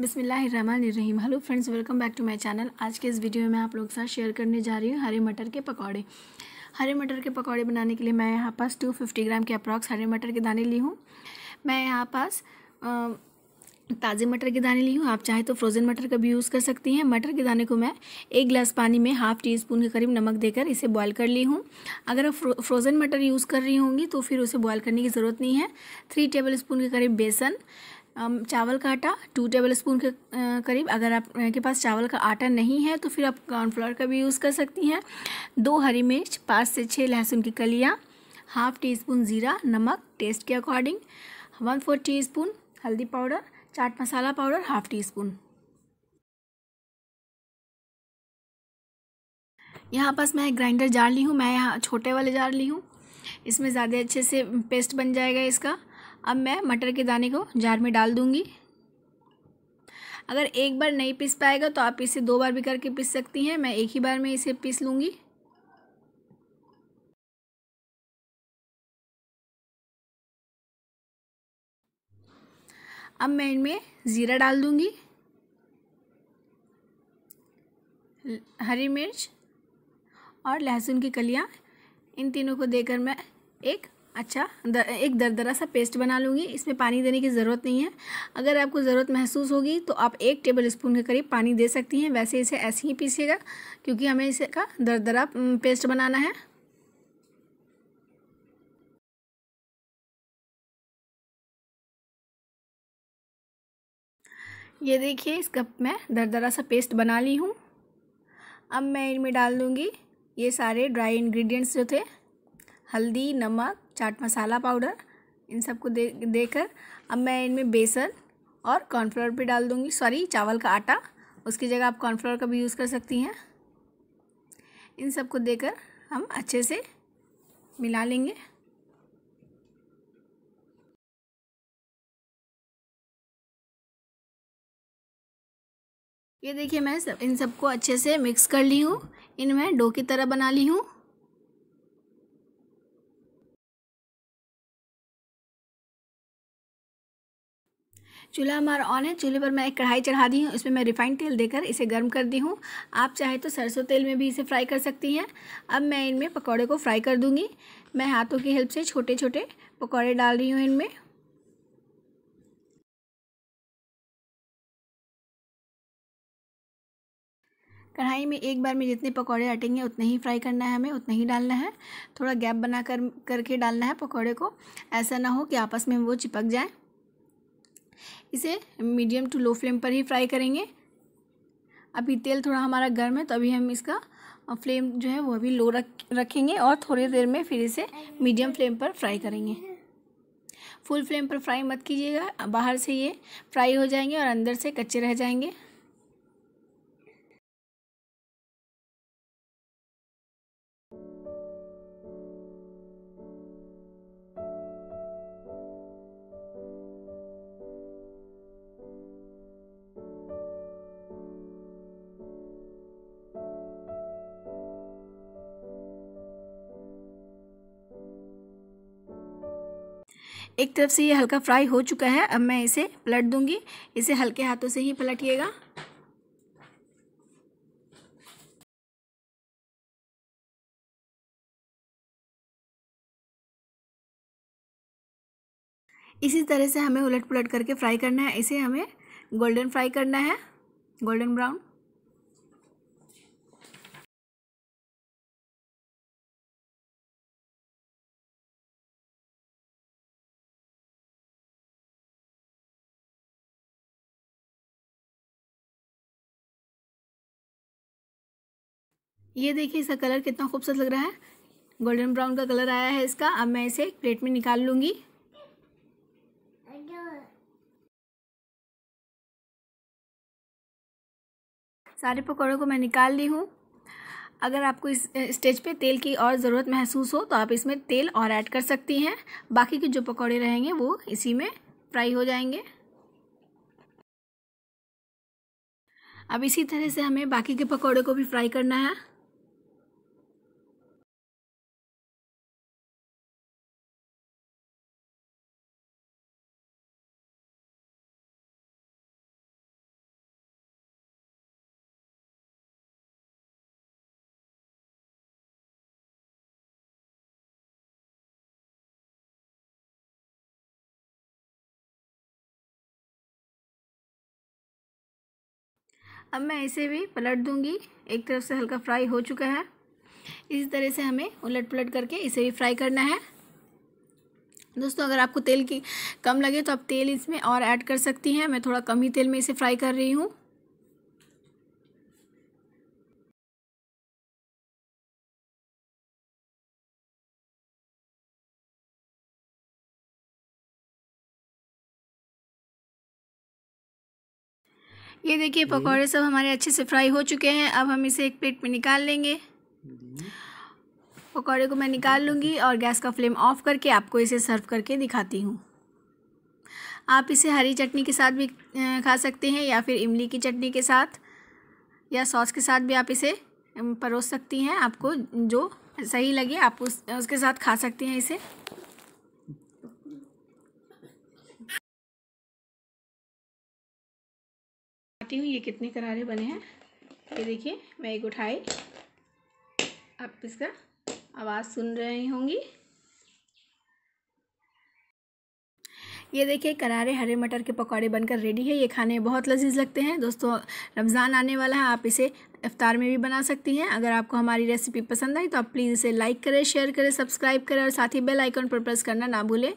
बिसमीम hello friends welcome back to my channel आज के इस वीडियो में आप लोग के साथ शेयर करने जा रही हूँ हरे मटर के पकौड़े हरे मटर के पकौड़े बनाने के लिए मैं यहाँ पास 250 ग्राम के अप्रॉक्स हरे मटर के दाने ली हूँ मैं यहाँ पास ताज़े मटर के दाने ली हूँ आप चाहे तो फ्रोज़न मटर का भी यूज़ कर सकती हैं मटर के दाने को मैं एक गिलास पानी में हाफ़ टी स्पून के करीब नमक देकर इसे बॉईल कर ली हूँ अगर आप फ्रोज़न मटर यूज़ कर रही होंगी तो फिर उसे बॉईल करने की ज़रूरत नहीं है थ्री टेबल स्पून के करीब बेसन चावल का आटा टू टेबल स्पून के करीब अगर आपके पास चावल का आटा नहीं है तो फिर आप कॉर्नफ्लोर का भी यूज़ कर सकती हैं दो हरी मिर्च पाँच से छः लहसुन की कलियाँ हाफ टी स्पून ज़ीरा नमक टेस्ट के according one four teaspoon हल्दी पाउडर चाट मसाला पाउडर हाफ टी स्पून यहाँ पास मैं ग्राइंडर जार ली हूँ मैं यहाँ छोटे वाले जार ली हूँ इसमें ज़्यादा अच्छे से पेस्ट बन जाएगा इसका अब मैं मटर के दाने को जार में डाल दूँगी अगर एक बार नहीं पीस पाएगा तो आप इसे दो बार भी करके पीस सकती हैं मैं एक ही बार में इसे पीस लूँगी अब मैं इनमें ज़ीरा डाल दूंगी हरी मिर्च और लहसुन की कलियाँ इन तीनों को देकर मैं एक अच्छा दर, एक दरदरा सा पेस्ट बना लूँगी इसमें पानी देने की ज़रूरत नहीं है अगर आपको ज़रूरत महसूस होगी तो आप एक टेबल स्पून के करीब पानी दे सकती हैं वैसे इसे ऐसे ही पीसीएगा क्योंकि हमें इसे का दरदरा पेस्ट बनाना है ये देखिए इस कप में दरदरा सा पेस्ट बना ली हूँ अब मैं इनमें डाल दूँगी ये सारे ड्राई इन्ग्रीडियंट्स जो थे हल्दी नमक चाट मसाला पाउडर इन सबको दे देकर अब मैं इनमें बेसन और कॉर्नफ्लोर भी डाल दूँगी सॉरी चावल का आटा उसकी जगह आप कॉर्नफ्लोर का भी यूज़ कर सकती हैं इन सबको देकर हम अच्छे से मिला लेंगे ये देखिए मैं सब इन सबको अच्छे से मिक्स कर ली हूँ इनमें डो की तरह बना ली हूँ चूल्हा हमारा ऑन है चूल्हे पर मैं एक कढ़ाई चढ़ा दी हूँ इसमें मैं रिफाइंड तेल देकर इसे गर्म कर दी हूँ आप चाहे तो सरसों तेल में भी इसे फ्राई कर सकती हैं अब मैं इनमें पकौड़े को फ्राई कर दूँगी मैं हाथों की हेल्प से छोटे छोटे पकौड़े डाल रही हूँ इनमें कढ़ाई में एक बार में जितने पकौड़े हटेंगे उतने ही फ्राई करना है हमें उतना ही डालना है थोड़ा गैप बना कर करके डालना है पकौड़े को ऐसा ना हो कि आपस में वो चिपक जाए इसे मीडियम टू लो फ्लेम पर ही फ्राई करेंगे अभी तेल थोड़ा हमारा गर्म है तो अभी हम इसका फ्लेम जो है वो अभी लो रख रखेंगे और थोड़ी देर में फिर इसे मीडियम फ्लेम पर फ्राई करेंगे फुल फ्लेम पर फ्राई मत कीजिएगा बाहर से ये फ्राई हो जाएंगे और अंदर से कच्चे रह जाएंगे एक तरफ से ये हल्का फ्राई हो चुका है अब मैं इसे पलट दूंगी इसे हल्के हाथों से ही पलटिएगा इसी तरह से हमें उलट पुलट करके फ्राई करना है इसे हमें गोल्डन फ्राई करना है गोल्डन ब्राउन ये देखिए इसका कलर कितना खूबसूरत लग रहा है गोल्डन ब्राउन का कलर आया है इसका अब मैं इसे प्लेट में निकाल लूँगी सारे पकौड़ों को मैं निकाल ली हूँ अगर आपको इस स्टेज पे तेल की और ज़रूरत महसूस हो तो आप इसमें तेल और ऐड कर सकती हैं बाकी के जो पकौड़े रहेंगे वो इसी में फ्राई हो जाएंगे अब इसी तरह से हमें बाकी के पकौड़े को भी फ्राई करना है अब मैं इसे भी पलट दूँगी एक तरफ से हल्का फ्राई हो चुका है इसी तरह से हमें उलट पलट करके इसे भी फ्राई करना है दोस्तों अगर आपको तेल की कम लगे तो आप तेल इसमें और ऐड कर सकती हैं मैं थोड़ा कम ही तेल में इसे फ्राई कर रही हूँ ये देखिए हम्म। पकौड़े सब हमारे अच्छे से फ्राई हो चुके हैं अब हम इसे एक प्लेट में निकाल लेंगे पकौड़े को मैं निकाल लूँगी और गैस का फ्लेम ऑफ करके आपको इसे सर्व करके दिखाती हूँ आप इसे हरी चटनी के साथ भी खा सकते हैं या फिर इमली की चटनी के साथ या सॉस के साथ भी आप इसे परोस सकती हैं आपको जो सही लगे आप उस उसके साथ खा सकती हैं इसे दिखाती हूँ ये कितने करारे बने हैं ये देखिए मैं एक उठाई आप इसका आवाज़ सुन रहे होंगी ये देखिए करारे हरे मटर के पकौड़े बनकर रेडी है ये खाने में बहुत लजीज लगते हैं दोस्तों रमज़ान आने वाला है आप इसे इफ्तार में भी बना सकती हैं अगर आपको हमारी रेसिपी पसंद आई तो आप प्लीज़ इसे लाइक करें शेयर करें सब्सक्राइब करें और साथ ही बेल आइकॉन पर प्रेस करना ना भूलें